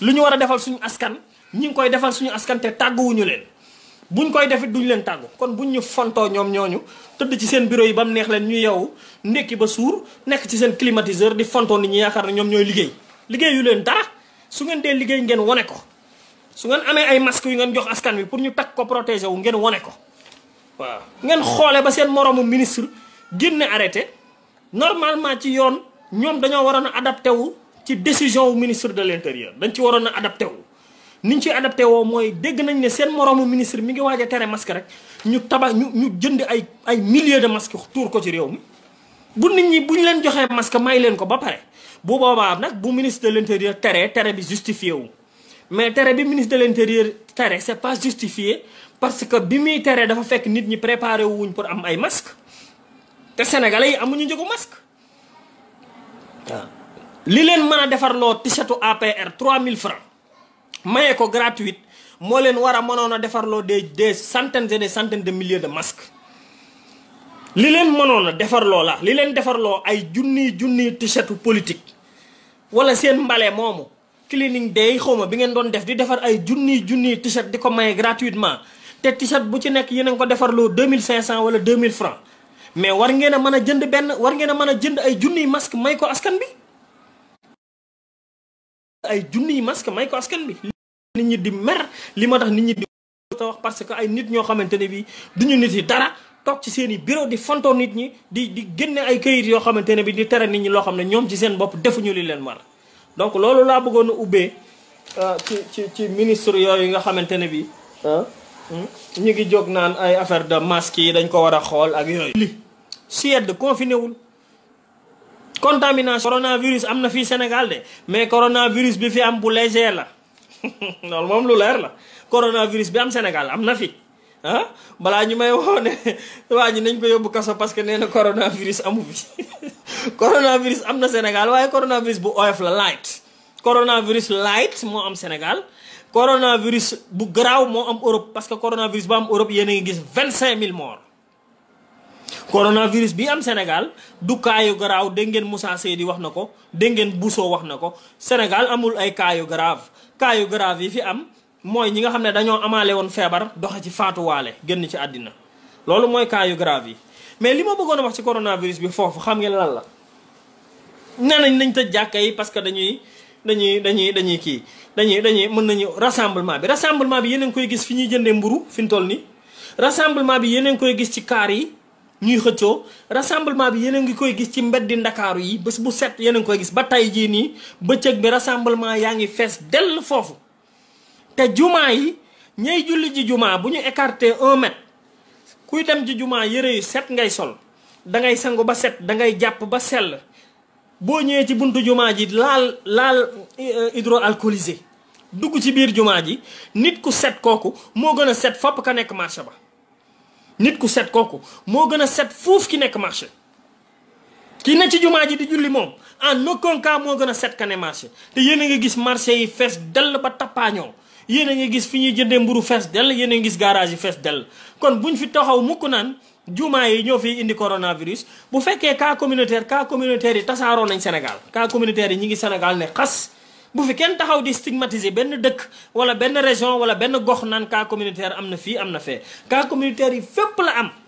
lu ñu war a defal suñu askan ñi ngi koy defal suñu askan te leen buñ koy defit duñ leen tàggu kon buñ ñu fontoo ñoom ñooñu tëdd ci seen bureau yi ba mu neex leen ñu yeewu ndekki ba suur nekk ci seen climatiseur di fontoo nit ñi yaakaar na ñoom ñooy liggéey liggéeyu leen dara su ngeen dee liggéey ngeen wone ko su ngeen amee ay masques yu ngeen jox askan wi pour ñu takk ko protéger wu ngeen wane ko waaw ngeen xoole ba seen moroomu ministre génne arrêté normalement ci yoon ñoom dañoo waroon a adapté wu ci décision wu ministre de l' intérieur dañ ci waroon a adapté wu. ni ci adapté woo mooy dégg nañ ne seen moroomu ministre mi ngi waaj tere masque rek ñu tabax ñu ñu jënd ay ay milliers de masques tuur ko ci réew mi. bu nit ñi bu ñu leen joxee masque may leen ko ba pare bu boobaa nag bu ministre de l' intérieur tere tere bi justifié wu. mais tere bi ministre de l' intérieur tere c' est pas justifié parce que bi muy tere dafa fekk nit ñi préparé wuñ pour am ay masques. te yi amuñu njëgu masque waaw li leen mën a defarloo t-shirtu APR 3000 francs mayee ko gratuite moo leen war a mënoon a defarloo des des centaines et des centaines de milliers de masques li leen mënoon a defarloo la li leen defarloo ay junni junniy t-shirtu politique wala seen mbale moomu cleaning day xawma bi ngeen doon def di defar ay junniy junniy t-shirt di ko maye gratuitement te t-shirt bu ci nekk yéen a ngi ko defarloo 2500 wala 2000 francs mais war ngeen a mën a jënd benn war ngeen a mën a jënd ay junniy masque may ko askan bi ay junniy masque may ko askan bi nit ñi di mer li ma tax nit ñi di wax parce que ay nit ñoo xamante ne bi duñu nit yi dara toog ci seen i di fantoo nit ñi di di génne ay kayit yoo xamante ne bi di tere nit ñi loo xam ne ñoom ci seen bopp defuñu li leen war donc loolu laa bëggoon a ubbee euh, ci ci ci ministre yooyu nga xamante ne bi hmm, ñu ngi jóg naan ay affaire de masque yi dañ ko war a xool ak yooyu. Suède confiné wul contamination coronavirus am na fii Sénégal de mais coronavirus bi fi am bu léger la loolu moom lu leer la coronavirus bi am Sénégal am na fi ah balaa ñu may woo ne waa ji nañ ko yóbbu kaso parce que nee na coronavirus amu fi coronavirus am na Sénégal waaye coronavirus bu oyof la light coronavirus light moo am Sénégal coronavirus bu garaaw moo am Europe parce que coronavirus bu am Europe yéen a ngi gis vingt cinq mille morts coronavirus bi am Sénégal du cas garaaw dégg ngeen Moussa Seydi wax na ko dégg ngeen Bousso wax na ko Sénégal amul ay cas yu grave cas yu yi fi am mooy ñi nga xam ne dañoo amaale woon feebar doxe ci faatuwaale génn ci àddina loolu mooy cas yu yi mais li ma bëggoon a wax ci coronavirus bi foofu xam ngeen lan la nee nañ nañ tëj jàkka yi parce que dañuy dañuy dañuy dañuy kii dañuy dañuy mën nañu rassemblement bi rassemblement bi yeneen koy gis fi ñuy jëndee mburu fi mu toll nii rassemblement bi yeneen koy gis ci kaar yi ñuy xëccoo rassemblement bi yéen a ngi koy gis ci mbeddi ndakaaru yi bés bu set yéen a ngi koy gis ba tey jii nii bëccëg bi rassemblement yaa ngi fees dell foofu te jumaa yi ñay julli ji jumaa bu ñu écarté un mètre kuy dem ji jumaa yëre yu set ngay sol dangay sangu ba set dangay jàpp ba sell boo ñëwee ci buntu jumaa ji laal laal euh, hydroalcoolisé dugg ci biir jumaa ji nit ku set kooku moo gën a set fopp ka nekk marché ba nit ku set kooku moo gën a set fuuf ki nekk marché ki ne ci jumaa ji di julli moom en aucun cas moo gën a set ka ne marché te yéen a ngi gis marché yi fees dell ba tappaañoo yéen a ngi gis fi ñuy jëndee mburu fees dell yéen a ngi gis garage yi fees dell kon buñ fi taxaw mukk naan jumaa yi ñoo fi indi coronavirus bu fekkee kaa communautaire cas communautaire yi tasaaroo nañ Sénégal cas communautaire yi ñi ngi Sénégal ne xas bu fi kenn taxaw di stigmatiser benn dëkk wala benn région wala benn gox naan cas communautaire am na fii am na fee cas communautaire yi fépp la am